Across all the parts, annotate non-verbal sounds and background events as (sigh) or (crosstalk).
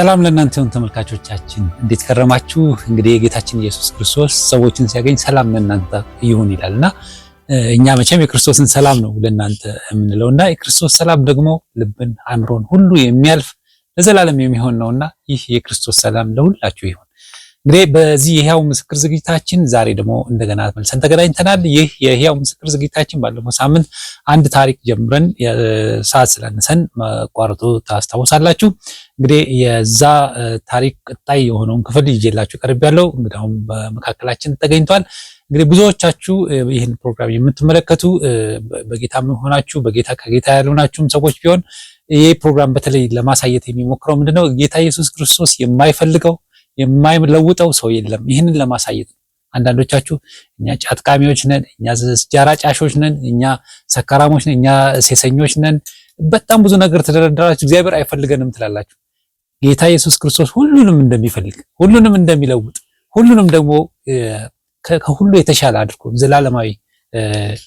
ሰላም ለእናንተ ተመልካቾቻችን፣ እንዴት ከረማችሁ? እንግዲህ የጌታችን ኢየሱስ ክርስቶስ ሰዎችን ሲያገኝ ሰላም ለእናንተ ይሁን ይላል እና እኛ መቼም የክርስቶስን ሰላም ነው ለእናንተ የምንለው እና የክርስቶስ ሰላም ደግሞ ልብን፣ አእምሮን ሁሉ የሚያልፍ ለዘላለም የሚሆን ነው እና ይህ የክርስቶስ ሰላም ለሁላችሁ ይሁን። እንግዲህ በዚህ የህያው ምስክር ዝግጅታችን ዛሬ ደግሞ እንደገና መልሰን ተገናኝተናል። ይህ የህያው ምስክር ዝግጅታችን ባለፈው ሳምንት አንድ ታሪክ ጀምረን ሰዓት ስለነሰን መቋረጡ ታስታውሳላችሁ። እንግዲህ የዛ ታሪክ ቀጣይ የሆነውን ክፍል ይዤላችሁ ያለው እንግዲሁም በመካከላችን ተገኝቷል። እንግዲህ ብዙዎቻችሁ ይህን ፕሮግራም የምትመለከቱ በጌታ የሆናችሁ በጌታ ከጌታ ያልሆናችሁም ሰዎች ቢሆን ይህ ፕሮግራም በተለይ ለማሳየት የሚሞክረው ምንድነው ጌታ ኢየሱስ ክርስቶስ የማይፈልገው የማይለውጠው ሰው የለም። ይህንን ለማሳየት ነው። አንዳንዶቻችሁ እኛ ጫትቃሚዎች ነን፣ እኛ ጃራ ጫሾች ነን፣ እኛ ሰካራሞች ነን፣ እኛ ሴሰኞች ነን፣ በጣም ብዙ ነገር ተደረደራችሁ፣ እግዚአብሔር አይፈልገንም ትላላችሁ። ጌታ ኢየሱስ ክርስቶስ ሁሉንም እንደሚፈልግ፣ ሁሉንም እንደሚለውጥ፣ ሁሉንም ደግሞ ከሁሉ የተሻለ አድርጎ ዘላለማዊ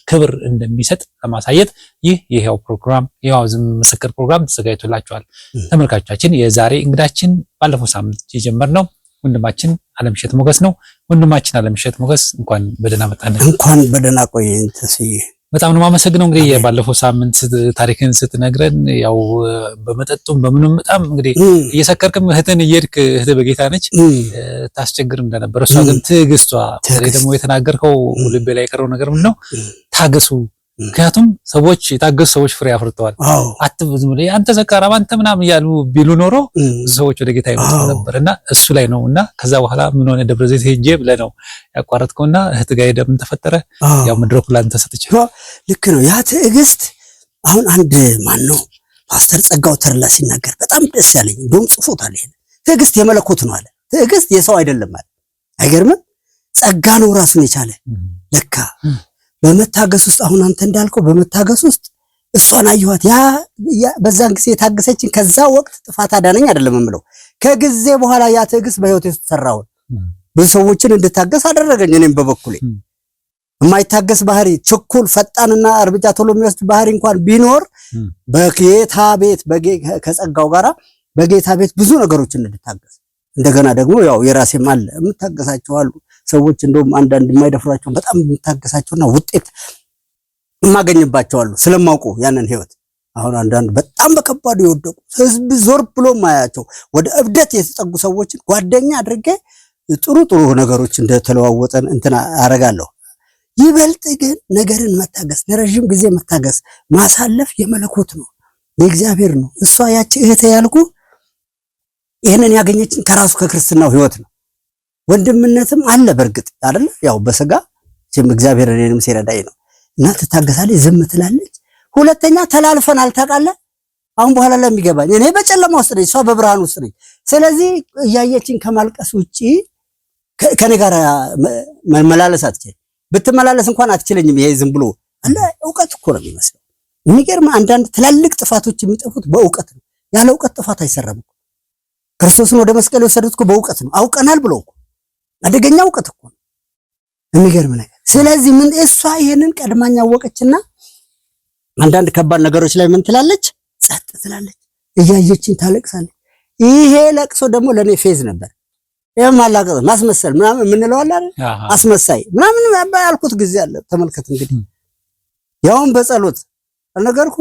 ክብር እንደሚሰጥ ለማሳየት ይህ የህያው ፕሮግራም የህያው ምስክር ፕሮግራም ተዘጋጅቶላቸዋል። ተመልካቾቻችን የዛሬ እንግዳችን ባለፈው ሳምንት የጀመርነው ወንድማችን አለምሸት ሞገስ ነው። ወንድማችን አለምሸት ሞገስ እንኳን በደህና መጣን። እንኳን በደህና ቆየን ተስዬ በጣም ነው የማመሰግነው። እንግዲህ ባለፈው ሳምንት ታሪክን ስትነግረን ያው በመጠጡም በምንም በጣም እንግዲህ እየሰከርክም እህትን እየሄድክ እህት በጌታ ነች ታስቸግር እንደነበረ እሷ ግን ትዕግስቷ ደግሞ የተናገርከው ልቤ ላይ የቀረው ነገር ምንድን ነው ታገሱ ምክንያቱም ሰዎች የታገሱ ሰዎች ፍሬ አፍርተዋል። አትብ ዝም ብለህ አንተ ዘካራም አንተ ምናምን እያሉ ቢሉ ኖሮ ብዙ ሰዎች ወደ ጌታ ይመጡ ነበር እና እሱ ላይ ነው እና ከዛ በኋላ ምን ሆነ ደብረ ዘይት ሄጄ ብለህ ነው ያቋረጥከው። ያቋረጥከውና እህት ጋር ሄደህ ምን ተፈጠረ? ያው መድረኩ ላንተ ሰጥቼ ልክ ነው ያ ትዕግስት። አሁን አንድ ማን ነው ፓስተር ጸጋው ተርላ ሲናገር በጣም ደስ ያለኝ እንደውም ጽፎታል። ይሄን ትዕግስት የመለኮት ነው አለ። ትዕግስት የሰው አይደለም አለ። አይገርምም? ጸጋ ነው ራሱን የቻለ ለካ በመታገስ ውስጥ አሁን አንተ እንዳልከው በመታገስ ውስጥ እሷን አየኋት። ያ በዛን ጊዜ የታገሰችን ከዛ ወቅት ጥፋት አዳነኝ አይደለም የምለው ከጊዜ በኋላ ያ ትዕግስት በህይወት ውስጥ ሰራውን ብዙ ሰዎችን እንድታገስ አደረገኝ። እኔም በበኩሌ የማይታገስ ባህሪ፣ ችኩል፣ ፈጣንና እርምጃ ቶሎ የሚወስድ ባህሪ እንኳን ቢኖር በጌታ ቤት ከጸጋው ጋራ በጌታ ቤት ብዙ ነገሮችን እንድታገስ እንደገና ደግሞ ያው የራሴም አለ የምታገሳቸው አሉ ሰዎች እንደውም አንዳንድ የማይደፍሯቸውን በጣም የምታገሳቸውና ውጤት የማገኝባቸው አሉ ስለማውቁ ያንን ህይወት አሁን አንዳንድ በጣም በከባዱ የወደቁ ህዝብ ዞር ብሎ ማያቸው ወደ እብደት የተጠጉ ሰዎችን ጓደኛ አድርጌ ጥሩ ጥሩ ነገሮች እንደተለዋወጠን እንትን አረጋለሁ። ይበልጥ ግን ነገርን መታገስ፣ ለረዥም ጊዜ መታገስ፣ ማሳለፍ የመለኮት ነው የእግዚአብሔር ነው። እሷ ያቺ እህቴ ያልኩ ይህንን ያገኘችን ከራሱ ከክርስትናው ህይወት ነው። ወንድምነትም አለ በእርግጥ አይደለ ያው በስጋ እግዚአብሔር እኔንም ሲረዳኝ ነው እና ትታገሳለች፣ ዝም ትላለች። ሁለተኛ ተላልፈናል ታውቃለህ። አሁን በኋላ ለሚገባኝ እኔ በጨለማ ውስጥ ነኝ፣ እሷ በብርሃን ውስጥ ነኝ። ስለዚህ እያየችን ከማልቀስ ውጪ ከኔ ጋር መላለስ አትችል። ብትመላለስ እንኳን አትችለኝም። ይሄ ዝም ብሎ አለ እውቀት እኮ ነው የሚመስለው። የሚገርም አንዳንድ ትላልቅ ጥፋቶች የሚጠፉት በእውቀት ነው። ያለ እውቀት ጥፋት አይሰራም። ክርስቶስን ወደ መስቀል የወሰዱት በእውቀት ነው። አውቀናል ብለው እኮ አደገኛ እውቀት እኮ ነው። የሚገርም ነገር። ስለዚህ ምን እሷ ይሄንን ቀድማኛ አወቀችና አንዳንድ ከባድ ነገሮች ላይ ምን ትላለች? ጸጥ ትላለች፣ እያየችን ታለቅሳለች። ይሄ ለቅሶ ደግሞ ለእኔ ፌዝ ነበር። ይሄ ማላቀጥ ማስመሰል ምናምን የምንለው አለ አስመሳይ ምናምን ያልኩት ጊዜ አለ። ተመልከት እንግዲህ ያውን በጸሎት አልነገርኩ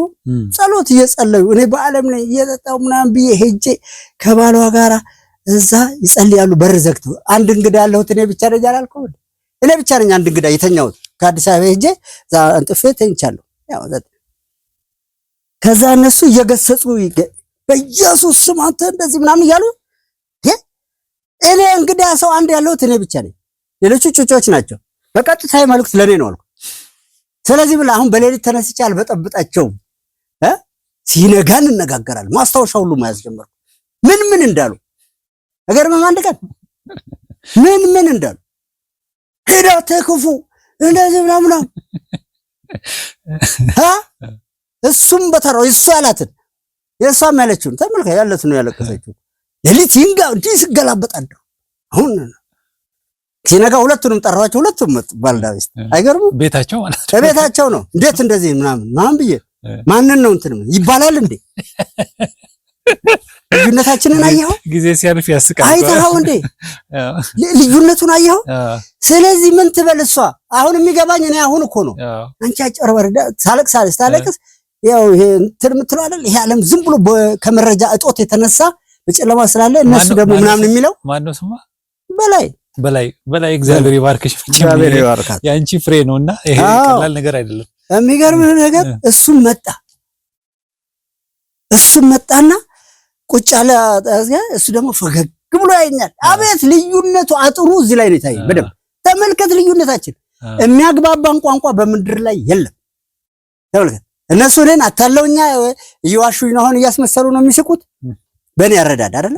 ጸሎት እየጸለዩ እኔ በዓለም ላይ እየጠጣው ምናምን ብዬ ሄጄ ከባሏ ጋራ እዛ ይጸልያሉ በር ዘግተው። አንድ እንግዳ ያለሁት እኔ ብቻ ነኝ አላልኩም? እኔ ብቻ ነኝ አንድ እንግዳ የተኛሁት ከአዲስ አበባ ሄጄ እዛ እንጥፌ ተኝቻለሁ። ከዛ እነሱ እየገሰጹ በኢየሱስ ስም አንተ እንደዚህ ምናምን እያሉ እኔ እንግዳ ሰው አንድ ያለሁት እኔ ብቻ ነኝ። ሌሎቹ ጩጮች ናቸው። በቀጥታ መልእክት ለእኔ ነው አልኩ። ስለዚህ ብላ አሁን በሌሊት ተነስቼ አልበጠብጣቸውም። ሲነጋ እንነጋገራለን። ማስታወሻ ሁሉ ጀመርኩ ምን ምን እንዳሉ እገርምም አንድ ቀን ምን ምን እንዳሉ ሄዳ ተክፉ እንደዚህ ምናምና እሱም በተራው እሱ ያላትን የእሷም ያለችውን ተመልካ ያለት ነው ያለቀሰችው። ሌሊት ይንጋ እንዲህ ሲገላበጣለሁ አሁን ሲነጋ ሁለቱንም ጠራኋቸው። ሁለቱም መጡ። ባልዳቤስ አይገርሙ ቤታቸው ማለት ነው ቤታቸው ነው። እንዴት እንደዚህ ምናምን ማን ብዬ ማንን ነው እንትን ይባላል እንዴ? ልዩነታችንን አየኸው? ጊዜ ሲያልፍ ያስቃል። አይተኸው እንዴ ልዩነቱን አየኸው? ስለዚህ ምን ትበል እሷ? አሁን የሚገባኝ እኔ አሁን እኮ ነው አንቺ አጨርበር ታለቅሳለች፣ ታለቅስ ያው ይሄ እንትን የምትለው አይደል? ይሄ ዓለም ዝም ብሎ ከመረጃ እጦት የተነሳ በጨለማ ስላለ እነሱ ደግሞ ምናምን የሚለው ማነው ስማ በላይ በላይ በላይ እግዚአብሔር ይባርክሽ። የአንቺ ፍሬ ነው እና ይሄ ቀላል ነገር አይደለም። የሚገርምህ ነገር እሱም መጣ እሱም መጣና ቁጭ አለ። እሱ ደግሞ ፈገግ ብሎ ያየኛል። አቤት ልዩነቱ! አጥሩ እዚህ ላይ ነው የታየኝ። በደምብ ተመልከት ልዩነታችን። የሚያግባባን ቋንቋ በምድር ላይ የለም። ተመልከት። እነሱ እኔን አታለውኛ እየዋሹኝ ነው፣ አሁን እያስመሰሉ ነው የሚስቁት። በእኔ ያረዳድ አይደለ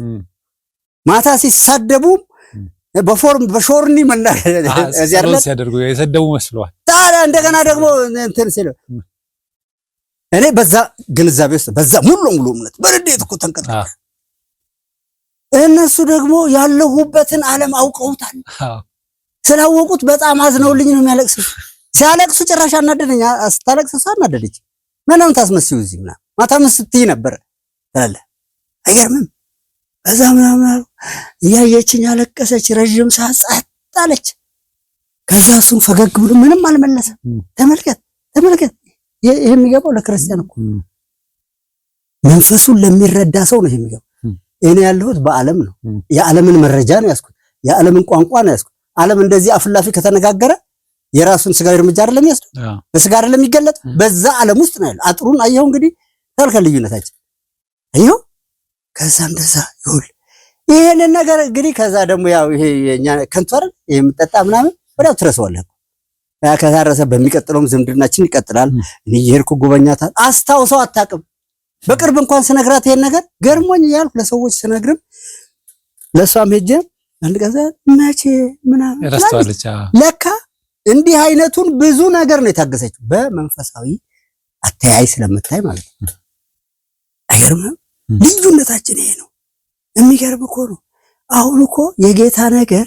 ማታ ሲሳደቡ በፎርም በሾርኒ መናገር ሲያደርጉ የሰደቡ መስለዋል። ታዲያ እንደገና ደግሞ እንትን ሲለው እኔ በዛ ግንዛቤ ውስጥ በዛ ሙሉ ሙሉ እምነት በንዴት እኮ ተንቀጠቀጠ። እነሱ ደግሞ ያለሁበትን ዓለም አውቀውታል። ስላወቁት በጣም አዝነውልኝ ነው የሚያለቅሱ። ሲያለቅሱ ጭራሽ አናደደኝ። ስታለቅስ እሷ አናደደች። ምንም ታስመስዩ እዚህ ምናምን ማታም ስትይ ነበረ ትላለህ። አይገርምም? እዛ ምናምን አሉ። እያየችኝ ያለቀሰች ረዥም ሰዓት ጸጥ አለች። ከዛ እሱም ፈገግ ብሎ ምንም አልመለሰም። ተመልከት ተመልከት ይሄ የሚገባው ለክርስቲያን እኮ መንፈሱን ለሚረዳ ሰው ነው የሚገባው። እኔ ያለሁት በዓለም ነው። የዓለምን መረጃ ነው ያዝኩት። የዓለምን ቋንቋ ነው ያዝኩት። ዓለም እንደዚህ አፍላፊ ከተነጋገረ የራሱን ስጋዊ እርምጃ አይደለም በስጋ አይደለም በዛ ዓለም ውስጥ ነው አጥሩን አየኸው እንግዲህ ታልከ ልዩነታችን አየኸው። ከዛ እንደዛ ይሄንን ነገር እንግዲህ ከዛ ደግሞ ያው ይሄ የኛ ከንቱ አይደል ይሄ የምጠጣ ምናምን ወዲያው ትረሳዋለህ። ከታረሰ በሚቀጥለውም ዝምድናችን ይቀጥላል። እኔ የሄድኩ ጎበኛታል አስታውሰው አታውቅም። በቅርብ እንኳን ስነግራት ይሄን ነገር ገርሞኝ እያልኩ ለሰዎች ስነግርም ለእሷም ሄጀ አንድ መቼ ምናምን ለካ እንዲህ አይነቱን ብዙ ነገር ነው የታገሰችው በመንፈሳዊ አተያይ ስለምታይ ማለት ነው። አይገርምም? ልዩነታችን ይሄ ነው። የሚገርም እኮ ነው። አሁን እኮ የጌታ ነገር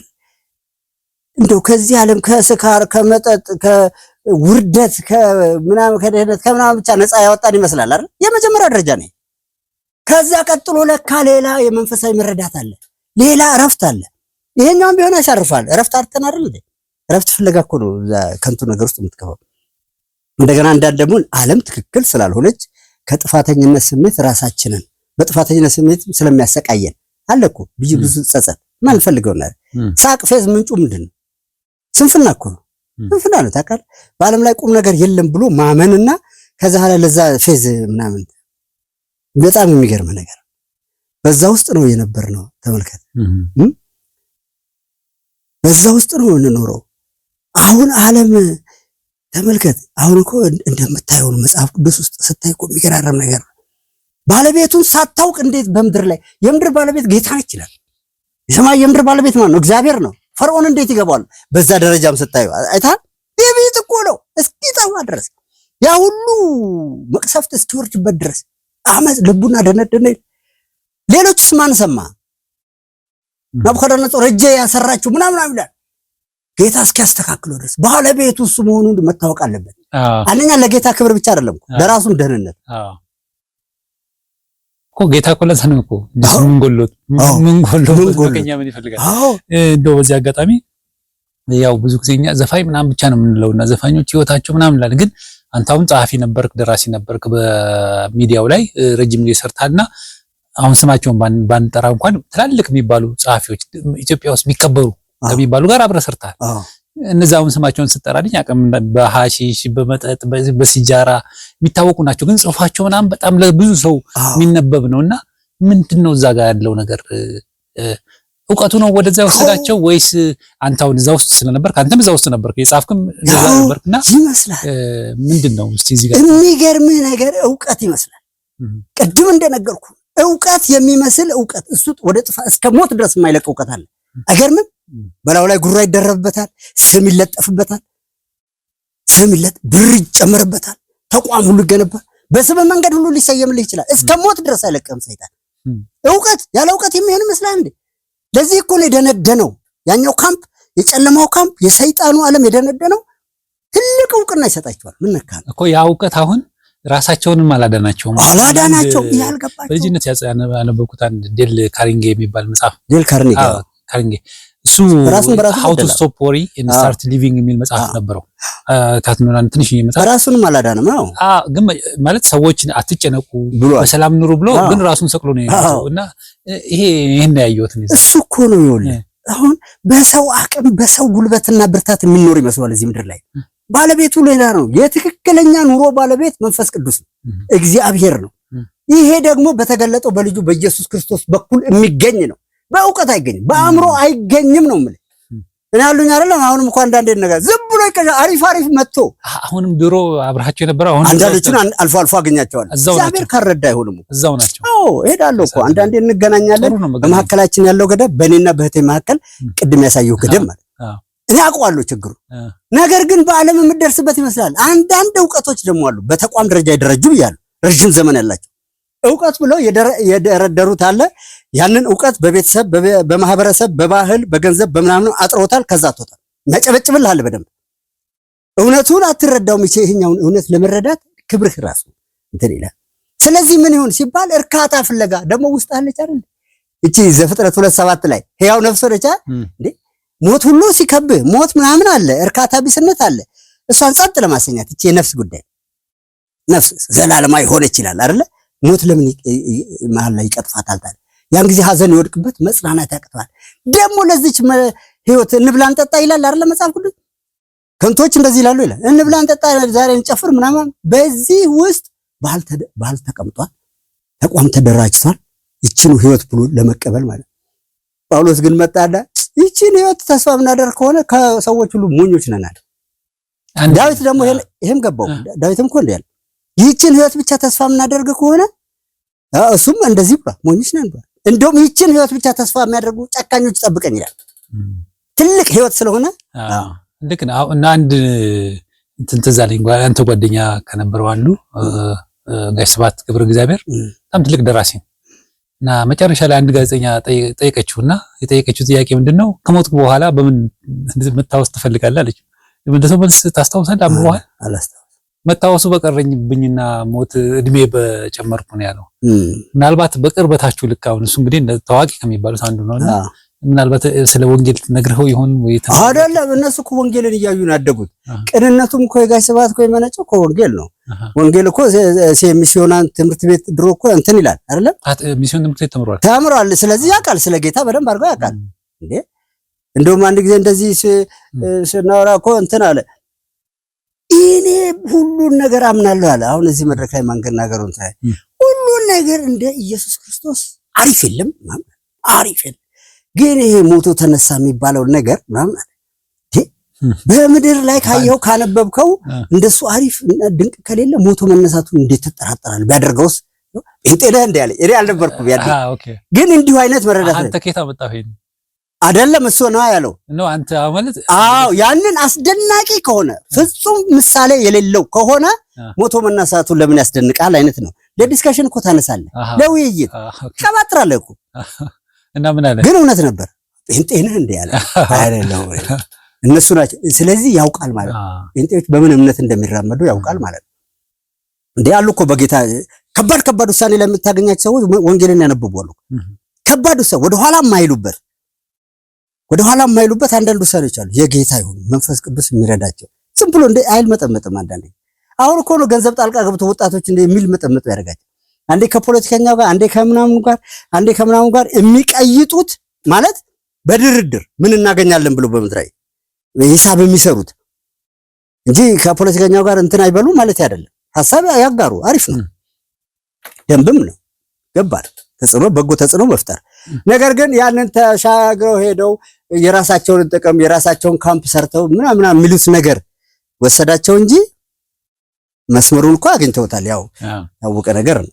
እንደው ከዚህ ዓለም ከስካር ከመጠጥ ከውርደት ከምናምን ከድህነት ከምናምን ብቻ ነፃ ያወጣን ይመስላል አይደል? የመጀመሪያ ደረጃ ነው። ከዛ ቀጥሎ ለካ ሌላ የመንፈሳዊ መረዳት አለ፣ ሌላ እረፍት አለ። ይሄኛውም ቢሆን ያሳርፋል። እረፍት አርተን አይደል እንዴ? እረፍት ፍለጋ እኮ ነው ከንቱ ነገር ውስጥ የምትገባው። እንደገና አንዳንድ ደግሞ ዓለም ትክክል ስላልሆነች ከጥፋተኝነት ስሜት ራሳችንን በጥፋተኝነት ስሜት ስለሚያሰቃየን አለ እኮ ብዙ ጸጸት ማንፈልገው ነገር ሳቅ ፌዝ ምንጩ ምንድን ነው? ስንፍና እኮ ነው። ስንፍና ነው ታውቃለህ። በዓለም ላይ ቁም ነገር የለም ብሎ ማመንና ከዛ ኋላ ለዛ ፌዝ ምናምን በጣም የሚገርም ነገር በዛ ውስጥ ነው የነበር ነው። ተመልከት፣ በዛ ውስጥ ነው የምንኖረው። አሁን ዓለም ተመልከት። አሁን እኮ እንደምታየው መጽሐፍ ቅዱስ ውስጥ ስታይ እኮ የሚገራረም ነገር ነው። ባለቤቱን ሳታውቅ እንዴት በምድር ላይ የምድር ባለቤት ጌታ ነች ይላል። የሰማይ የምድር ባለቤት ማን ነው? እግዚአብሔር ነው። ፈርዖን እንዴት ይገባዋል? በዛ ደረጃም ስታዩ አይታል ቤቢት እኮ ነው እስኪጠፋ ድረስ ያ ሁሉ መቅሰፍት እስኪወርድበት ድረስ አመፅ ልቡና ደነደነ። ሌሎችስ ማን ሰማ? ናቡከደነጾር እጄ ያሰራችሁ ምናምን ይላል። ጌታ እስኪያስተካክለው ድረስ ባለቤቱ እሱ መሆኑን መታወቅ አለበት። አንደኛ ለጌታ ክብር ብቻ አይደለም ለራሱም ደህንነት እኮ ጌታ እኮ ለዛ ነው እኮ ምን ጎሎት ምን ጎሎት በቀኛ ምን ይፈልጋል? እንደው በዚህ አጋጣሚ ያው ብዙ ጊዜ እኛ ዘፋኝ ምናምን ብቻ ነው የምንለውና ዘፋኞች ህይወታቸው ምናምን ላል ግን አንተ አሁን ጸሐፊ ነበርክ፣ ደራሲ ነበርክ፣ በሚዲያው ላይ ረጅም ጊዜ ሰርታልና አሁን ስማቸውን ባንጠራ እንኳን ትላልቅ የሚባሉ ጸሐፊዎች ኢትዮጵያ ውስጥ የሚከበሩ ከሚባሉ ጋር አብረ ሰርታል። እነዚያውን ስማቸውን ስጠራልኝ አቅም በሐሺሽ በመጠጥ በሲጃራ የሚታወቁ ናቸው፣ ግን ጽሁፋቸው ምናምን በጣም ለብዙ ሰው የሚነበብ ነው እና ምንድን ነው እዛ ጋር ያለው ነገር? እውቀቱ ነው ወደዛ የወሰዳቸው ወይስ አንተ አሁን እዛ ውስጥ ስለነበርክ አንተም እዛ ውስጥ ነበርክ የጻፍክም እዛ ነበርክና ይመስላል። ምንድን ነው እስቲ እዚህ ጋር የሚገርምህ ነገር እውቀት ይመስላል። ቅድም እንደነገርኩ እውቀት የሚመስል እውቀት እሱ ወደ ጥፋ እስከ ሞት ድረስ የማይለቅ እውቀት አለ። አይገርምም? በላዩ ላይ ጉራ ይደረብበታል፣ ስም ይለጠፍበታል፣ ስም ይለጥ ብር ይጨመርበታል፣ ተቋም ሁሉ ይገነባል፣ በስም መንገድ ሁሉ ሊሰየምልህ ይችላል። እስከ ሞት ድረስ አይለቀም ሰይጣን። እውቀት ያለ እውቀት የሚሆን ይመስላል እንዴ? ለዚህ እኮ ነው የደነደነው ያኛው ካምፕ፣ የጨለማው ካምፕ፣ የሰይጣኑ ዓለም የደነደነው ትልቅ እውቅና ይሰጣቸዋል። ምን ነካ እኮ ያ እውቀት አሁን ራሳቸውንም አላዳናቸውም አላዳናቸውም። ያልገባቸው በልጅነት ያነበብኩት አንድ ዴል ካርኔጊ የሚባል መጽሐፍ ዴል ካርኔጊ እሱ ሀው ቱ ስቶፕ ወሪ ኤንድ ስታርት ሊቪንግ የሚል መጽሐፍ ነበረው። ካትኖላን ትንሽ መጽሐፍ ራሱንም አላዳንም ነው ግን ማለት ሰዎችን አትጨነቁ በሰላም ኑሩ ብሎ ግን ራሱን ሰቅሎ ነው እና ይሄ ይሄን ያየሁት እሱ እኮ ነው ይሆን አሁን በሰው አቅም በሰው ጉልበትና ብርታት የሚኖር ይመስላል እዚህ ምድር ላይ ባለቤቱ ሌላ ነው። የትክክለኛ ኑሮ ባለቤት መንፈስ ቅዱስ ነው፣ እግዚአብሔር ነው። ይሄ ደግሞ በተገለጠው በልጁ በኢየሱስ ክርስቶስ በኩል የሚገኝ ነው። በእውቀት አይገኝም፣ በአእምሮ አይገኝም ነው የምልህ። እኔ አሉኝ አይደለም። አሁንም እንኳን አንዳንዴ ነገር ዝም ብሎ ይቀር አሪፍ አሪፍ መጥቶ አሁንም ድሮ አብረሃቸው የነበረ አሁን አንዳንዶቹን አልፎ አልፎ አገኛቸዋል። እግዚአብሔር ካረዳ አይሆንም እዛው ናቸው። አዎ እሄዳለሁ እኮ አንዳንዴ እንገናኛለን። በመሀከላችን ያለው ገደብ በእኔና በእህቴ መካከል ቅድም ያሳየው ገደብ ማለት እኔ አውቀዋለሁ ችግሩ። ነገር ግን በዓለም የምደርስበት ይመስላል። አንዳንድ እውቀቶች ደግሞ አሉ በተቋም ደረጃ ይደረጁ ብያለሁ። ረዥም ዘመን ያላቸው እውቀት ብለው የደረደሩት አለ። ያንን እውቀት በቤተሰብ በማህበረሰብ በባህል በገንዘብ በምናምን አጥሮታል። ከዛ አቶታል ያጨበጭብልሃል በደንብ እውነቱን አትረዳው ይቼ ይሄኛውን እውነት ለመረዳት ክብርህ ራሱ እንትን ይላል። ስለዚህ ምን ይሁን ሲባል እርካታ ፍለጋ ደግሞ ውስጥ አለች አይደል? እቺ ዘፍጥረት ሁለት ሰባት ላይ ሕያው ነፍስ ወደቻ እንዴ ሞት ሁሉ ሲከብህ ሞት ምናምን አለ፣ እርካታ ቢስነት አለ። እሷን ጸጥ ለማሰኛት እቺ የነፍስ ጉዳይ ነፍስ ዘላለማ ይሆነች ይላል አይደለ? ሞት ለምን መሀል ላይ ይቀጥፋታል? ታዲያ ያን ጊዜ ሀዘን ይወድቅበት መጽናናት ያቅተዋል። ደግሞ ለዚች ህይወት እንብላ እንጠጣ ይላል አይደለ መጽሐፍ ቅዱስ። ከንቶች እንደዚህ ይላሉ ይላል እንብላ እንጠጣ፣ ዛሬ እንጨፍር ምናምን። በዚህ ውስጥ ባህል ተቀምጧል፣ ተቋም ተደራጅቷል። ይችኑ ህይወት ብሎ ለመቀበል ማለት ጳውሎስ ግን መጣዳ ይችን ህይወት ተስፋ ምናደር ከሆነ ከሰዎች ሁሉ ሞኞች ነናል። ዳዊት ደግሞ ይሄም ገባው። ዳዊትም እኮ እንዲህ ያለ ይህችን ህይወት ብቻ ተስፋ የምናደርግ ከሆነ እሱም እንደዚህ ብሏል፣ ሞኞች ነን ብሏል። እንደውም ይህችን ህይወት ብቻ ተስፋ የሚያደርጉ ጨካኞች ጠብቀን ይላል። ትልቅ ህይወት ስለሆነ ልክ ነው። እና አንድ እንትን ትዝ አለኝ አንተ ጓደኛ ከነበረው አንዱ ጋሽ ስብሐት ገብረ እግዚአብሔር በጣም ትልቅ ደራሲ ነው። እና መጨረሻ ላይ አንድ ጋዜጠኛ ጠየቀችው እና የጠየቀችው ጥያቄ ምንድን ነው? ከሞት በኋላ በምን መታወስ ትፈልጋለህ አለችው። ምንድነው መልስ? ታስታውሳለህ? አንብበሃል? መታወሱ በቀረኝብኝና ሞት እድሜ በጨመርኩ ነው ያለው። ምናልባት በቅርበታችሁ ልክ አሁን እሱ እንግዲህ ታዋቂ ከሚባሉት አንዱ ነው እና ምናልባት ስለ ወንጌል ነግረኸው ይሆን ወይ? አይደለም እነሱ እኮ ወንጌልን እያዩ ነው ያደጉት። ቅንነቱም እኮ የጋሽ ስብሐት እኮ የመነጨው ወንጌል ነው። ወንጌል እኮ ሚስዮናን ትምህርት ቤት ድሮ እኮ እንትን ይላል አይደለም፣ ሚስዮን ትምህርት ቤት ተምሯል ተምሯል። ስለዚህ ያውቃል፣ ስለ ጌታ በደንብ አድርገው ያውቃል። እንዴ እንደውም አንድ ጊዜ እንደዚህ ስናወራ እኮ እንትን አለ እኔ ሁሉን ነገር አምናለሁ አለ። አሁን እዚህ መድረክ ላይ ማንገናገሩን ታ ሁሉን ነገር እንደ ኢየሱስ ክርስቶስ አሪፍ የለም አሪፍ የለም ግን ይሄ ሞቶ ተነሳ የሚባለው ነገር በምድር ላይ ካየው ካነበብከው እንደሱ አሪፍ ድንቅ ከሌለ ሞቶ መነሳቱ እንዴት ትጠራጠራል? ቢያደርገውስ ጴንጤ ነህ እንደ ያለ እኔ አልነበርኩ ያ ግን እንዲሁ አይነት መረዳት አይደለም እሱ ነው ያለው። አንተ ማለት አዎ ያንን አስደናቂ ከሆነ ፍጹም ምሳሌ የሌለው ከሆነ ሞቶ መነሳቱን ለምን ያስደንቃል አይነት ነው። ለዲስካሽን እኮ ታነሳለህ፣ ለውይይት ቀባጥራለህ እኮ እና ምን አለ ግን እውነት ነበር። ጴንጤነህ እንደ ያለ አይደለም እነሱ ናቸው። ስለዚህ ያውቃል ማለት ነው። ጴንጤዎች በምን እምነት እንደሚራመዱ ያውቃል ማለት ነው። እንደ ያሉ እኮ በጌታ ከባድ ከባድ ውሳኔ ለምታገኛቸው ሰዎች ወንጌልን ያነብቧሉ። ከባድ ውሳኔ ወደኋላ የማይሉበት ወደኋላ የማይሉበት አንዳንድ ውሳኔዎች አሉ። የጌታ ይሁን መንፈስ ቅዱስ የሚረዳቸው ዝም ብሎ እንደ አይል መጠመጥም አንዳንድ አሁን እኮ ነው ገንዘብ ጣልቃ ገብቶ ወጣቶች እንደ የሚል መጠመጥ ያደርጋቸው። አንዴ ከፖለቲከኛው ጋር፣ አንዴ ከምናምን ጋር፣ አንዴ ከምናምን ጋር የሚቀይጡት ማለት በድርድር ምን እናገኛለን ብሎ በምድራዊ ሂሳብ የሚሰሩት እንጂ ከፖለቲከኛው ጋር እንትን አይበሉ ማለት አይደለም። ሀሳብ ያጋሩ አሪፍ ነው፣ ደንብም ነው። ገባል ተጽዕኖ፣ በጎ ተጽዕኖ መፍጠር ነገር ግን ያንን ተሻግረው ሄደው የራሳቸውን ጥቅም የራሳቸውን ካምፕ ሰርተው ምናምን የሚሉት ነገር ወሰዳቸው እንጂ መስመሩን እኮ አግኝተውታል። ያው ታወቀ ነገር ነው።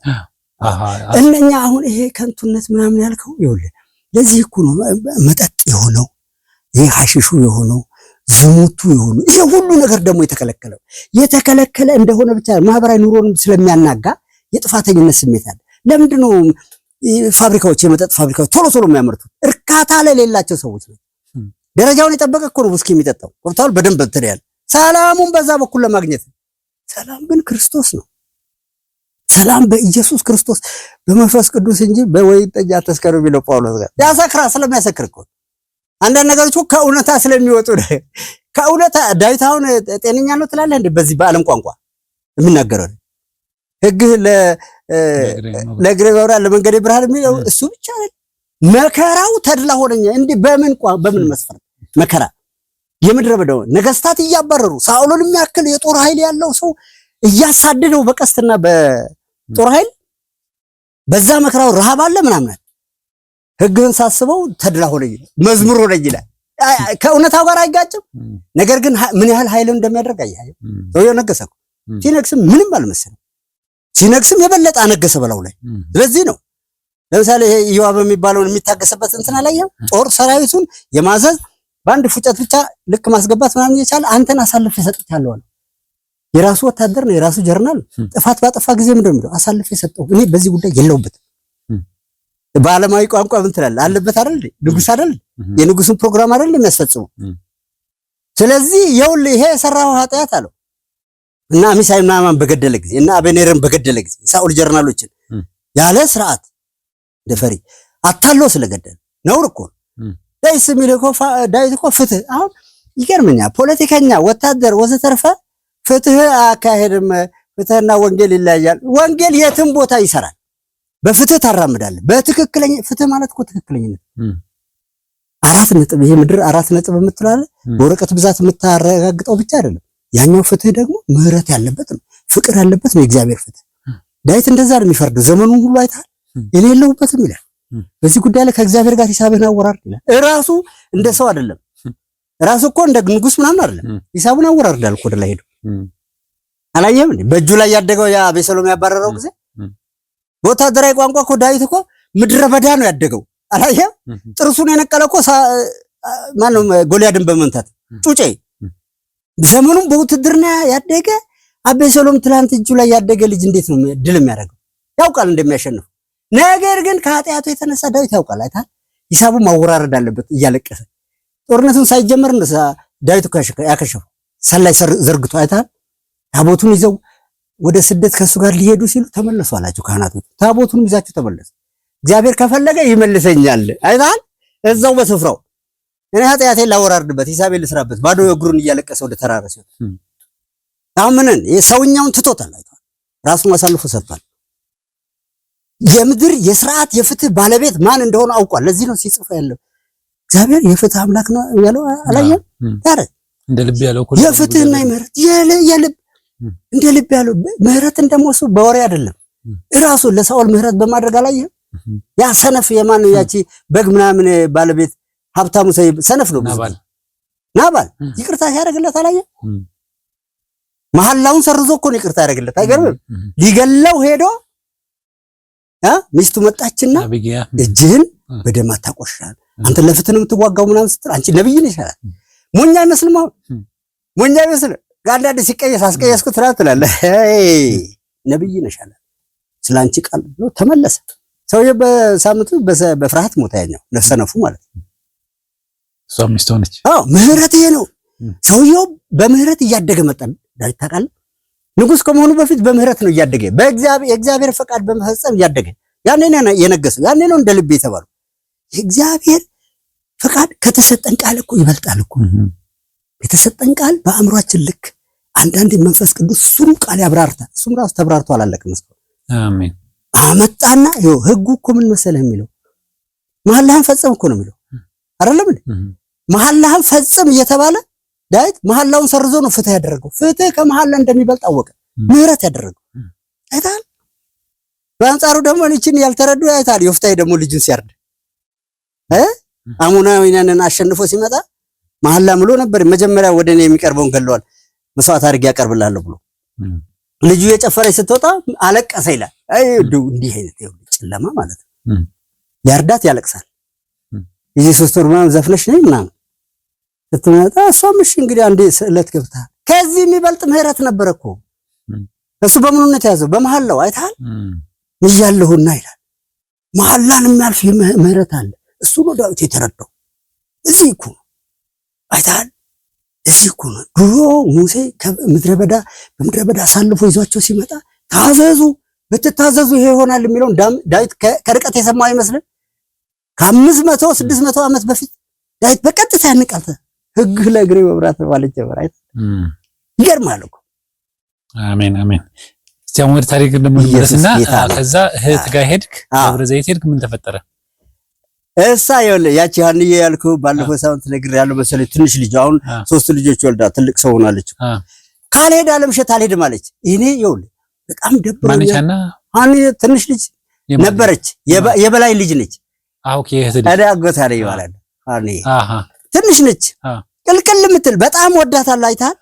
እነኛ አሁን ይሄ ከንቱነት ምናምን ያልከው ይኸውልህ፣ ለዚህ እኮ ነው መጠጥ የሆነው ይሄ ሐሽሹ የሆነው ዝሙቱ የሆኑ ይሄ ሁሉ ነገር ደግሞ የተከለከለው የተከለከለ እንደሆነ ብቻ ማህበራዊ ኑሮን ስለሚያናጋ የጥፋተኝነት ስሜት አለ። ለምንድን ነው ፋብሪካዎች የመጠጥ ፋብሪካዎች ቶሎ ቶሎ የሚያመርቱት? እርካታ ለሌላቸው ሰዎች ነው። ደረጃውን የጠበቀ እኮ ነው ውስኪ የሚጠጣው። ቆብታል በደንብ እንትን ያለ ሰላሙን በዛ በኩል ለማግኘት ሰላም ግን ክርስቶስ ነው። ሰላም በኢየሱስ ክርስቶስ በመንፈስ ቅዱስ እንጂ በወይን ጠጅ አትስከሩ ቢለው ጳውሎስ ጋር ያሰክራ ስለሚያሰክር እኮ አንዳንድ ነገሮች ከእውነታ ስለሚወጡ ከእውነታ ዳዊት አሁን ጤነኛ ነው ትላለህ እንዴ? በዚህ በዓለም ቋንቋ የሚናገረው ህግህ ለእግሬ መብራት ለመንገዴ ብርሃን የሚለው እሱ ብቻ መከራው ተድላ ሆነኛ እንዲህ በምን በምን መስፈር መከራ የምድረ በዳው ነገስታት እያባረሩ ሳኦልን የሚያክል የጦር ኃይል ያለው ሰው እያሳደደው በቀስትና በጦር ኃይል በዛ መከራው ረሃብ አለ ምናምን ህግን ሳስበው ተድላ ሆነ ይላል፣ መዝሙር ሆነ ይላል። ከእውነታው ጋር አይጋጭም። ነገር ግን ምን ያህል ኃይል እንደሚያደርግ አየኸው። ሰውየው ነገሰ እኮ ሲነግስም ምንም አልመሰለም። ሲነግስም የበለጠ አነገሰ በላው ላይ። ስለዚህ ነው ለምሳሌ ይሄ ኢዮአብ የሚባለውን የሚታገስበት እንትን አላየኸው? ጦር ሰራዊቱን የማዘዝ በአንድ ፉጨት ብቻ ልክ ማስገባት ምናምን የቻለ አንተን አሳልፌ ሰጥቻለሁ አለ። የራሱ ወታደር ነው፣ የራሱ ጀርናል። ጥፋት ባጠፋ ጊዜ ምንድን ነው የሚለው? አሳልፌ እኔ በዚህ ጉዳይ የለውበትም። በዓለማዊ ቋንቋ ምን ትላለህ? አለበት አይደል? ንጉስ አይደል? የንጉሱን ፕሮግራም አይደል የሚያስፈጽሙ? ስለዚህ የውል ይሄ የሰራው ኃጢአት አለው እና አሚሳይን ምናምን በገደለ ጊዜ እና አቤኔርን በገደለ ጊዜ ሳኦል ጀርናሎችን ያለ ስርዓት ደፈሪ አታሎ ስለገደለ ነውር እኮ ዳይስ የሚልህ እኮ ዳዊት እኮ ፍትህ አሁን ይገርምኛል። ፖለቲከኛ፣ ወታደር ወዘተርፈ ፍትህ አካሄድም ፍትህና ወንጌል ይለያያል። ወንጌል የትም ቦታ ይሰራል። በፍትህ ታራምዳለህ። በትክክለኛ ፍትህ ማለት እኮ ትክክለኝነት አራት ነጥብ ይሄ ምድር አራት ነጥብ የምትላለ በወረቀት ብዛት የምታረጋግጠው ብቻ አይደለም። ያኛው ፍትህ ደግሞ ምህረት ያለበት ነው፣ ፍቅር ያለበት ነው። የእግዚአብሔር ፍትህ ዳዊት እንደዛ ነው የሚፈርደው። ዘመኑን ሁሉ አይታል እኔ የለሁበትም ይላል በዚህ ጉዳይ ላይ ከእግዚአብሔር ጋር ሂሳብህን አወራር ይላል። እራሱ እንደ ሰው አይደለም። ራሱ እኮ እንደ ንጉስ ምናምን አይደለም። ሂሳቡን አወራር ይላል ወደ ላይ ሄዱ። አላየም እንዴ? በእጁ ላይ ያደገው ያ አቤሴሎም ያባረረው ጊዜ በወታደራዊ ቋንቋ እኮ ዳዊት እኮ ምድረ በዳ ነው ያደገው። አላየም? ጥርሱን የነቀለ እኮ ማነው? ጎልያድን በመምታት ጩጬ ዘመኑም በውትድርና ያደገ አቤሰሎም ትላንት እጁ ላይ ያደገ ልጅ እንዴት ነው ድል የሚያደርገው? ያውቃል እንደሚያሸንፍ ነገር ግን ከኃጢአቱ የተነሳ ዳዊት ያውቃል። አይታል ሂሳቡ ማወራረድ አለበት እያለቀሰ ጦርነቱን ሳይጀመር ዳዊት ያከሸፈው ሰላይ ዘርግቶ አይታል። ታቦቱን ይዘው ወደ ስደት ከእሱ ጋር ሊሄዱ ሲሉ ተመለሱ አላቸው ካህናቶች። ታቦቱን ይዛቸው ተመለሱ፣ እግዚአብሔር ከፈለገ ይመልሰኛል። አይታል እዛው በስፍራው እኔ ኃጢአቴን ላወራርድበት፣ ሂሳቤ ልስራበት፣ ባዶ እግሩን እያለቀሰ ወደ ተራራ ሲሆን አሁን ምንን ሰውኛውን ትቶታል። አይታል ራሱን አሳልፎ ሰጥቷል። የምድር የስርዓት የፍትህ ባለቤት ማን እንደሆነ አውቋል። ለዚህ ነው ሲጽፍ ያለው እግዚአብሔር የፍትህ አምላክ ነው ያለው አላየም። ያረ እንደ ልብ ያለው እኮ የፍትህና የምህረት የልብ እንደ ልብ ያለው ምህረትን ደግሞ እሱ በወሬ አይደለም እራሱ ለሳኦል ምህረት በማድረግ አላየም። ያ ሰነፍ የማን ያቺ በግ ምናምን ባለቤት ሀብታሙ ሰይብ ሰነፍ ነው ናባል ይቅርታ ሲያደርግለት አላየም። መሐላውን ሰርዞ እኮ ነው ይቅርታ ያደርግለት አይገርምም? ሊገለው ሄዶ ሚስቱ መጣችና እጅህን በደም አታቆሻል፣ አንተ ለፍትህ ነው የምትዋጋው ምናምን ስትል አንቺ ነብይ ነሽ አላት። ሞኛ አይመስልም? አሁን ሞኛ አይመስልም? አንዳንድ ሲቀየስ አስቀየስኩ ትላት ትላለ ነብይ ነሽ አላት። ስለ አንቺ ቃል ብሎ ተመለሰ። ሰውዬ በሳምንቱ በፍርሃት ሞታ፣ ያኛው ለሰነፉ ማለት ነው። ምህረት ይሄ ነው። ሰውየው በምህረት እያደገ መጣን ዳዊት ታውቃለህ ንጉስ ከመሆኑ በፊት በምህረት ነው እያደገ የእግዚአብሔር ፈቃድ በመፈጸም እያደገ ያኔ ነው የነገሰው። ያኔ ነው እንደ ልብ የተባለው። የእግዚአብሔር ፈቃድ ከተሰጠን ቃል እኮ ይበልጣል እኮ የተሰጠን ቃል በአእምሯችን ልክ አንዳንድ መንፈስ ቅዱስ እሱም ቃል ያብራርታ እሱም ራሱ ተብራርቶ አላለቅ እስካሁን። አሜን አመጣና ይኸው ህጉ እኮ ምን መሰለህ የሚለው መሐላህን ፈጽም እኮ ነው የሚለው አይደለም። መሐላህን ፈጽም እየተባለ ዳዊት መሐላውን ሰርዞ ነው ፍትህ ያደረገው። ፍትህ ከመሐላ እንደሚበልጥ አወቀ። ምህረት ያደረገው አይታል። በአንጻሩ ደግሞ ልጅን ያልተረዱ አይታል። ዮፍታሔ ደግሞ ልጅን ሲያርድ እ አሞናዊያንን አሸንፎ ሲመጣ መሐላ ምሎ ነበር። መጀመሪያ ወደ እኔ የሚቀርበውን ገለዋል፣ መስዋዕት አድርጌ ያቀርብላለሁ ብሎ ልጁ የጨፈረች ስትወጣ አለቀሰ ይላል። አይ እንዲህ አይነት ጨለማ ማለት ነው። ያርዳት ያለቅሳል። እዚህ ሶስት ወር ምናምን ዘፍነሽ ነኝ ምናምን ስትመጣ እሷም እሺ እንግዲህ አንዴ ስዕለት ገብታ ከዚህ የሚበልጥ ምህረት ነበር እኮ እሱ በምኑነት ያዘው በመሐላው አይታል ምያለሁና ይላል መሐላን የሚያልፍ ምህረት አለ እሱ ነው ዳዊት የተረዳው እዚህ እኮ ነው አይተሃል እዚህ እኮ ነው ድሮ ሙሴ ከምድረ በዳ በምድረ በዳ አሳልፎ ይዟቸው ሲመጣ ታዘዙ ብትታዘዙ ይሄ ይሆናል የሚለውን ዳዊት ከርቀት የሰማው አይመስልም ከአምስት መቶ ስድስት መቶ ዓመት በፊት ዳዊት በቀጥታ ያንቃልታል ህግ ለእግሬ መብራት ነው ማለት ጀመር። አይ ይገርማል እኮ አሜን አሜን። እስቲ አሁን ወደ ታሪክ እንደምንመለስና ከዛ እህት ጋር ሄድክ፣ ደብረ ዘይት ሄድክ። ምን ተፈጠረ? እሳ ይወል ያቺ ሀንዬ ያልኩህ ባለፈው ሳምንት ያለው መሰለኝ። ትንሽ ልጅ አሁን ሶስት ልጆች ወልዳ ትልቅ ሰው ሆናለች። ካልሄድ አለምሸት አልሄድም አለች። እኔ ይወል በጣም ደብረኛል። ሀንዬ ትንሽ ልጅ ነበረች፣ የበላይ ልጅ ነች። አዎ ከሄድ አዳጎታ ላይ ይባላል ሀንዬ ትንሽ ነች ቅልቅል የምትል በጣም ወዳታለሁ። አይተሃል?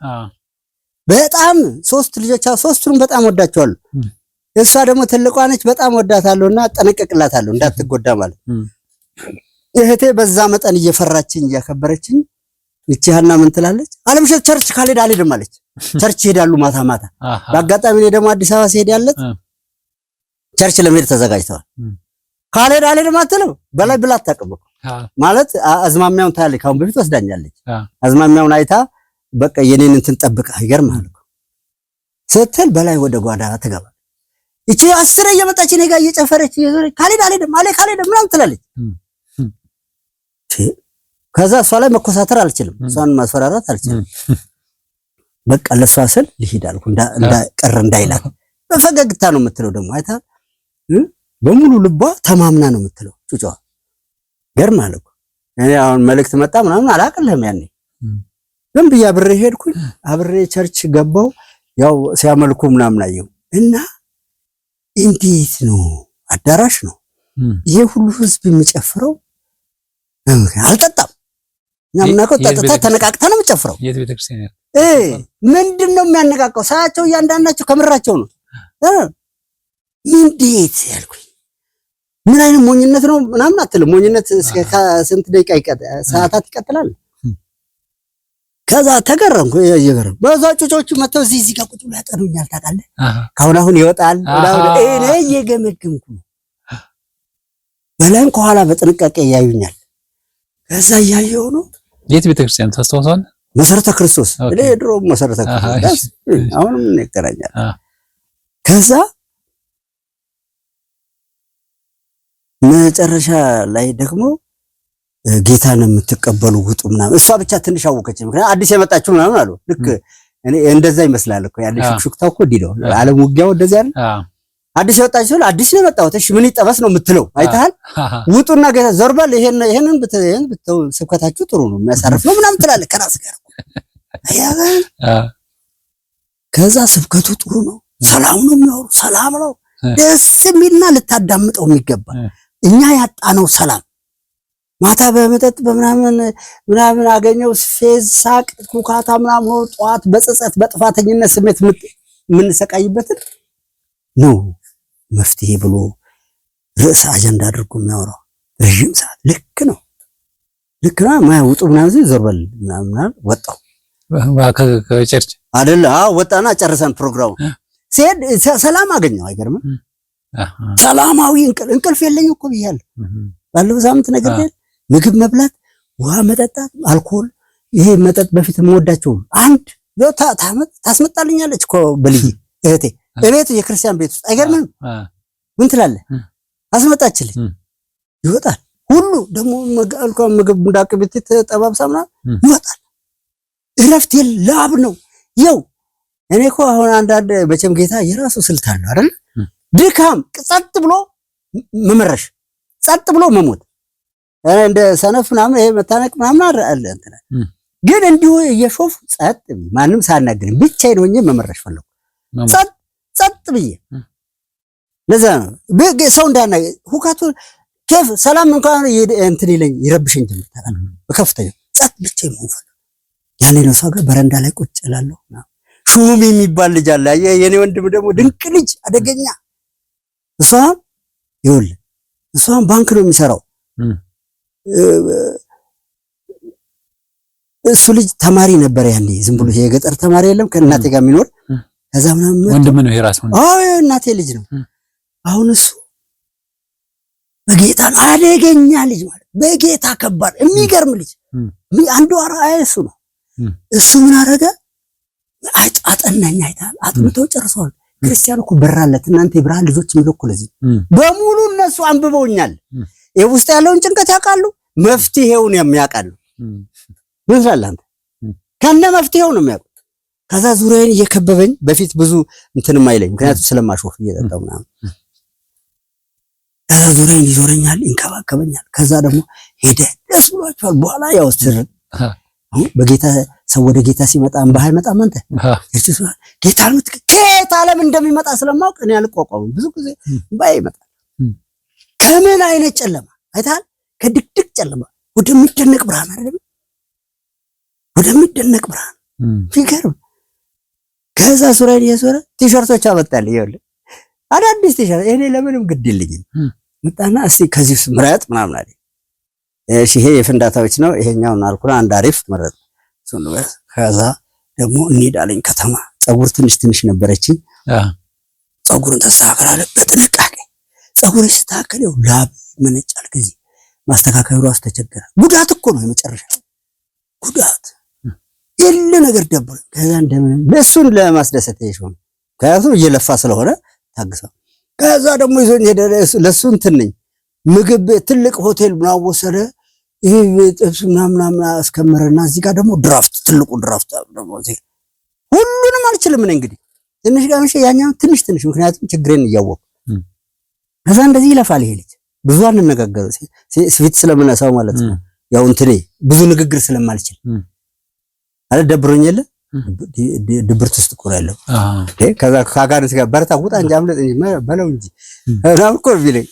በጣም ሶስት ልጆች ሶስቱንም በጣም ወዳቸዋለሁ። እሷ ደግሞ ትልቋ ነች፣ በጣም ወዳታለሁና ጠነቀቅላታለሁ እንዳትጎዳ ማለት። እህቴ በዛ መጠን እየፈራችኝ እያከበረችኝ እቺ ሀና ምን ትላለች? አለምሸት ቸርች ካልሄድ አልሄድም አለች። ቸርች ይሄዳሉ ማታ ማታ። በአጋጣሚ እኔ ደግሞ አዲስ አበባ ሲሄድ ያለት ቸርች ለመሄድ ተዘጋጅተዋል። ካልሄድ አልሄድም አትልም በላይ ብላ አታውቅም እኮ ማለት አዝማሚያውን ታያለች። ካሁን በፊት ወስዳኛለች። አዝማሚያውን አይታ በቃ የኔን እንትን ጠብቃ ይገርማል ስትል በላይ ወደ ጓዳ ተገባ። እቺ አስረ እየመጣች እኔ ጋር እየጨፈረች እየዞረች ካሌድ አልሄድም አለ ካሌድ ምናምን ትላለች። ከዛ እሷ ላይ መኮሳተር አልችልም፣ እሷን ማስፈራራት አልችልም። በቃ ለእሷ ስል ልሂድ አልኩ፣ ቀር እንዳይላት። በፈገግታ ነው የምትለው ደግሞ አይታ በሙሉ ልቧ ተማምና ነው የምትለው ጩጫዋ ገርማል እኮ እኔ አሁን መልእክት መጣ ምናምን አላቅልህም። ያኔ ግን ብዬ አብሬ ሄድኩኝ። አብሬ ቸርች ገባው። ያው ሲያመልኩ ምናምን አየሁ እና እንዴት ነው አዳራሽ ነው ይሄ ሁሉ ህዝብ የሚጨፍረው? አልጠጣም እና ምናውቀው ጠጥታ ተነቃቅታ ነው የምጨፍረው። ምንድን ነው የሚያነቃቀው? ሳያቸው እያንዳንዳቸው ከምራቸው ነው። እንዴት ያልኩኝ ምን አይነት ሞኝነት ነው ምናምን አትልም። ሞኝነት ስንት ደቂቃ ሰዓታት ይቀጥላል። ከዛ ተገረምኩ። እየገረም በዛ ጩጮቹ መጥተው እዚህ እዚህ ጋር ቁጭ ብሎ ያጠኑኛል። ታውቃለህ፣ ከአሁን አሁን ይወጣል። እኔ እየገመገምኩ ነው። በላይም ከኋላ በጥንቃቄ እያዩኛል። ከዛ እያየሁ ነው። የት ቤተክርስቲያን ታስታውሳለህ? መሰረተ ክርስቶስ ድሮ መሰረተ ክርስቶስ አሁንም ይገናኛል። ከዛ መጨረሻ ላይ ደግሞ ጌታን የምትቀበሉ ውጡ ምናምን እሷ ብቻ ትንሽ አወቀች። ምክንያት አዲስ የመጣችሁ ምናምን አሉ። ልክ እኔ እንደዛ ይመስላል እኮ ያለ ሹክሹክታ እኮ ነው አለም ውጊያው እንደዚህ አይደል? አዲስ የመጣች ሲሆን አዲስ ነው የመጣሁት። እሺ ምን ይጠበስ ነው የምትለው? አይተሃል? ውጡና ጌታ ዘርባል። ይሄን ይሄንን ብትሄን ብትው ስብከታችሁ ጥሩ ነው የሚያሳርፍ ነው ምናምን ትላለህ ከራስ ጋር አያባን። ከዛ ስብከቱ ጥሩ ነው፣ ሰላም ነው የሚያወሩ ሰላም ነው ደስ የሚልና ልታዳምጠው የሚገባል እኛ ያጣነው ሰላም ማታ በመጠጥ በምናምን ምናምን አገኘው ፌዝ፣ ሳቅ፣ ኩካታ ምናምን ሆኖ ጠዋት በጸጸት በጥፋተኝነት ስሜት የምንሰቃይበትን ነው መፍትሄ ብሎ ርዕሰ አጀንዳ አድርጎ የሚያወራው ረዥም ሰዓት ልክ ነው ልክ ነው ማያውጡ ምናምን ዞር በል ምናምን ወጣው ከጨርጭ አይደለ ወጣና ጨርሰን ፕሮግራሙ ሲሄድ ሰላም አገኘው አይገርምም ሰላማዊ እንቅልፍ እንቅልፍ የለኝ እኮ ብያለሁ። ባለው ሳምንት ነገር ምግብ መብላት፣ ውሃ መጠጣት፣ አልኮል ይሄ መጠጥ በፊት የምወዳቸውም አንድ ታስመጣልኛለች እኮ በልዬ እህቴ እቤት የክርስቲያን ቤት ውስጥ አይገርምም? ምን ትላለህ? አስመጣችልኝ ይወጣል ሁሉ ደግሞ ምግብ እንዳቅ ቤት ተጠባብ ሳምና ይወጣል። እረፍት ላብ ነው። ይኸው እኔ እኮ አሁን አንዳንድ መቼም ጌታ የራሱ ስልት አለው አይደል? ድካም፣ ጸጥ ብሎ መመረሽ፣ ጸጥ ብሎ መሞት እንደ ሰነፍ ምናምን ይሄ መታነቅ ምናምን አለ። ግን እንዲሁ እየሾፍ ጸጥ ማንም ሳናግረኝ ብቻዬን ሆኜ መመረሽ ፈለኩ፣ ጸጥ ብዬ። ለዛ ነው ሰው እንዳና ሁካቱ ኬፍ ሰላም እንኳን እንትን ይለኝ ይረብሽኝ ጀምር ታላል በከፍተኛ ጸጥ ብቻዬን መሆን ፈለኩ። ያኔ ነው ሰው ጋር በረንዳ ላይ ቁጭ እላለሁ። ሹም የሚባል ልጅ አለ፣ የኔ ወንድም ደግሞ ድንቅ ልጅ አደገኛ እሷ ይሁን እሷም ባንክ ነው የሚሰራው። እሱ ልጅ ተማሪ ነበር ያኔ ዝም ብሎ የገጠር ተማሪ የለም ከእናቴ ጋር የሚኖር ከዛ ምናምን ወንድም ነው የራስ ወንድም። አዎ እናቴ ልጅ ነው። አሁን እሱ በጌታ አደገኛ ልጅ ማለት በጌታ ከባድ የሚገርም ልጅ አንዱ አርአያ እሱ ነው። እሱ ምን አደረገ? አጠናኝ አይታል አጥምቶ ክርስቲያኑ እኮ በራለት። እናንተ የብርሃን ልጆች የሚለው እኮ ለዚህ በሙሉ እነሱ አንብበውኛል። ውስጥ ያለውን ጭንቀት ያውቃሉ፣ መፍትሄውን የሚያውቃሉ። ምን ስላለ አንተ ከነ መፍትሄው ነው የሚያውቁት። ከዛ ዙሪያን እየከበበኝ በፊት ብዙ እንትንም አይለኝ፣ ምክንያቱም ስለማሾፍ እየጠጣው ምናምን። ከዛ ዙሪያን ይዞረኛል፣ ይንከባከበኛል። ከዛ ደግሞ ሄደ ደስ ብሏቸዋል። በኋላ ያው ስር በጌታ ሰው ወደ ጌታ ሲመጣ እንባህ አይመጣም። አንተ ጌታ ነው ከየት ዓለም እንደሚመጣ ስለማውቅ እኔ አልቋቋምም። ብዙ ጊዜ እንባህ ይመጣል። ከምን አይነት ጨለማ አይተሃል? ከድቅድቅ ጨለማ ወደሚደነቅ ብርሃን አይደለም፣ ወደሚደነቅ ብርሃን ይገርም። ከዛ ሱራዬን እየሱረ ቲሸርቶች አመጣልኝ። ይኸውልህ አዳዲስ ቲሸርት እኔ ለምንም ግድ የለኝም። መጣና እስቲ ከዚህ ውስጥ ምረጥ ምናምን አለኝ። እሺ ይሄ የፍንዳታዎች ነው ይሄኛውን አልኩና አንድ አሪፍ መረጥ ትንበት ከዛ ደግሞ እንሄዳለኝ ከተማ ጸጉር ትንሽ ትንሽ ነበረችኝ። ፀጉርን ተስተካከል አለ በጥንቃቄ ጸጉር ይስተካከል። ያው ላብ ይመነጫል። ጊዜ ማስተካከሉ ራሱ ተቸገረ። ጉዳት እኮ ነው የመጨረሻ ጉዳት የለ ነገር ደብሮ ከዛ እንደምን ለእሱን ለማስደሰት ይሽሆን ምክንያቱም እየለፋ ስለሆነ ታግሰው ከዛ ደግሞ ይዞኝ ሄደ። ለእሱ እንትን ነኝ ምግብ ትልቅ ሆቴል ምናምን ወሰደ። ይሄ ጥብስ ምናምናምና አስከምርና እዚህ ጋር ደግሞ ድራፍት፣ ትልቁ ድራፍት ደግሞ ሁሉንም አልችልም እኔ እንግዲህ ትንሽ ቀምሼ ያኛውን ትንሽ ትንሽ፣ ምክንያቱም ችግሬን እያወቅሁ ከዛ እንደዚህ ይለፋል ይሄ ልጅ። ብዙ አንነጋገር ስፊት ስለምነሳው ማለት ነው። ያው እንትኔ ብዙ ንግግር ስለማልችል አለ ደብሮኝ የለ ድብርት ውስጥ እኮ ያለው። ከዛ ከአጋንንት ጋር በርታ፣ ውጣ እንጂ አምለጥ እንጂ በለው እንጂ ምናምን እኮ ቢለኝ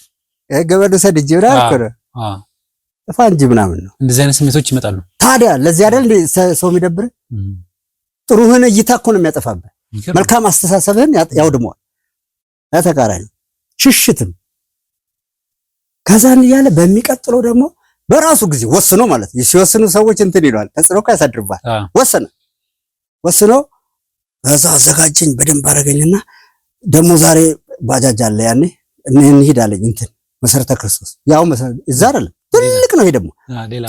ገመድ ውሰድ እንጂ ምናምን እኮ ነው ፋንጂ ምናምን ነው። እንደዚህ አይነት ስሜቶች ይመጣሉ። ታዲያ ለዚህ አይደል ሰው የሚደብር ጥሩህን እይታ እኮ ነው የሚያጠፋብህ። መልካም አስተሳሰብህን ያውድመዋል። ለተቃራኒ ሽሽትም ከዛን እያለ በሚቀጥለው ደግሞ በራሱ ጊዜ ወስኖ ማለት ሲወስኑ ሰዎች እንትን ይለዋል፣ ተጽዕኖ እኮ ያሳድርባል። ወሰነ ወስኖ በዛ አዘጋጀኝ በደንብ አደረገኝና ደግሞ ዛሬ ባጃጅ አለ ያኔ እንሂድ አለኝ እንትን መሰረተ ክርስቶስ ያው እዛ አይደለም ትልቅ ነው። ይሄ ደግሞ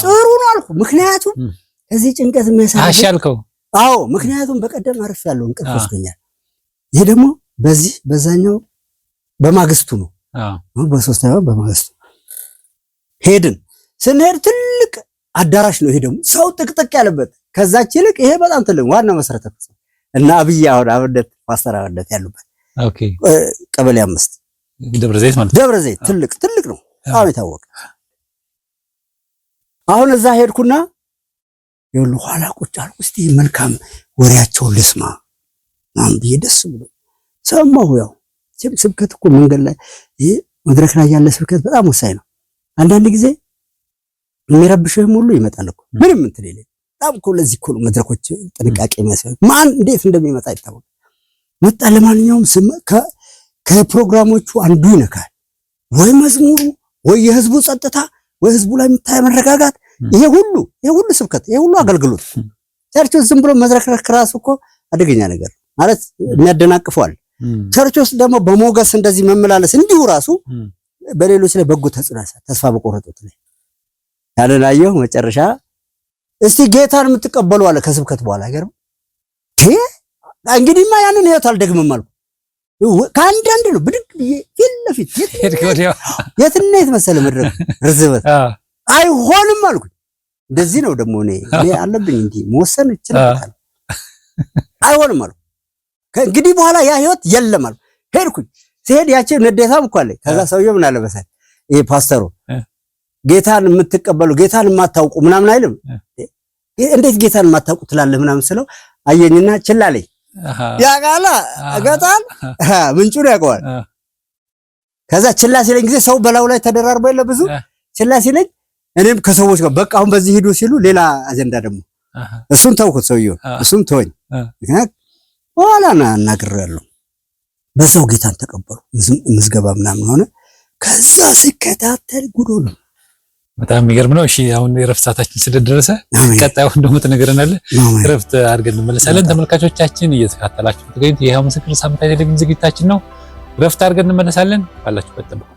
ጥሩ ነው አልኩ። ምክንያቱም እዚህ ጭንቀት የሚያሳልከው አዎ፣ ምክንያቱም በቀደም አርፍ ያለው እንቅልፍ ወስዶኛል። ይሄ ደግሞ በዚህ በዛኛው በማግስቱ ነው በሶስተኛው በማግስቱ ሄድን። ስንሄድ ትልቅ አዳራሽ ነው። ይሄ ደግሞ ሰው ጥቅጥቅ ያለበት ከዛች ይልቅ ይሄ በጣም ትልቅ ዋና መሰረተ እና አብይ አሁን አብነት ፓስተር አብነት ያሉበት ቀበሌ አምስት ደብረ ዘይት ማለት ደብረ ዘይት ትልቅ ትልቅ ነው አሁን የታወቀ አሁን እዛ ሄድኩና ይሁን ኋላ ቁጭ አልኩ። እስቲ መልካም ወሬያቸውን ልስማ ምናምን ብዬ ደስ ብሎ ሰማሁ። ያው ስብከት እኮ መንገድ ላይ ይህ መድረክ ላይ ያለ ስብከት በጣም ወሳኝ ነው። አንዳንድ ጊዜ የሚረብሽህም ሁሉ ይመጣል እኮ ምንም እንትን የለ። በጣም እኮ ለዚህ እኮ መድረኮች ጥንቃቄ የሚያስፈልግ ማን እንዴት እንደሚመጣ ይታወቅ መጣ። ለማንኛውም ስም ከፕሮግራሞቹ አንዱ ይነካል ወይ መዝሙሩ ወይ የህዝቡ ጸጥታ ወይ ህዝቡ ላይ የምታይ መረጋጋት ይሄ ሁሉ ይሄ ሁሉ ስብከት ይሄ ሁሉ አገልግሎት ቸርች ውስጥ ዝም ብሎ መዝረክረክ ራሱ እኮ አደገኛ ነገር ማለት የሚያደናቅፈዋል። ቸርች ውስጥ ደግሞ በሞገስ እንደዚህ መመላለስ እንዲሁ ራሱ በሌሎች ላይ በጎ ተጽዕኖ ተስፋ በቆረጡት ላይ ያለናየሁ መጨረሻ እስቲ ጌታን የምትቀበሉ አለ ከስብከት በኋላ ገር እንግዲህማ ያንን ህይወት አልደግምም አልኩ። ከአንዳንድ ነው ብድግ ብዬ ፊት ለፊት የትና የት መሰለ መድረክ ርዝበት አይሆንም አልኩኝ። እንደዚህ ነው ደግሞ እኔ (laughs) እኔ አለብኝ እንዲ መወሰን ይችላል። (laughs) አይሆንም አልኩ። ከእንግዲህ በኋላ ያ ህይወት የለም አልኩ። ሄድኩኝ። ሲሄድ ያቺ ንዴታም እኮ አለኝ። ከዛ ሰውዬው ምን አለበሳል ይሄ ፓስተሩ ጌታን የምትቀበሉ ጌታን የማታውቁ ምናምን አይልም። እንዴት ጌታን የማታውቁ ትላለህ ምናምን ስለው አየኝና ችላ አለኝ። ያውቃላ ገጣን ምንጩን ያውቀዋል። ከዛ ችላ ሲለኝ ጊዜ ሰው በላዩ ላይ ተደራርቦ የለ ብዙ ችላ ሲለኝ እኔም ከሰዎች ጋር በቃ አሁን በዚህ ሂዱ ሲሉ ሌላ አጀንዳ ደግሞ እሱን ተውኩት። ሰውየው እሱም ተወኝ። ምክንያት በኋላ እናግሬያለሁ። በሰው ጌታን ተቀበሉ ምዝገባ ምናምን ሆነ። ከዛ ሲከታተል ጉዶ ነው። በጣም የሚገርም ነው። እሺ አሁን የረፍት ሰዓታችን ስለደረሰ ቀጣዩን ደግሞ ትነግረናለህ። ረፍት አድርገን እንመለሳለን። ተመልካቾቻችን እየተከታተላችሁ ትገኙት የሕያው ምስክር ሳምንታዊ ቴሌቪዥን ዝግጅታችን ነው። ረፍት አድርገን እንመለሳለን። ባላችሁበት ጠብቁ።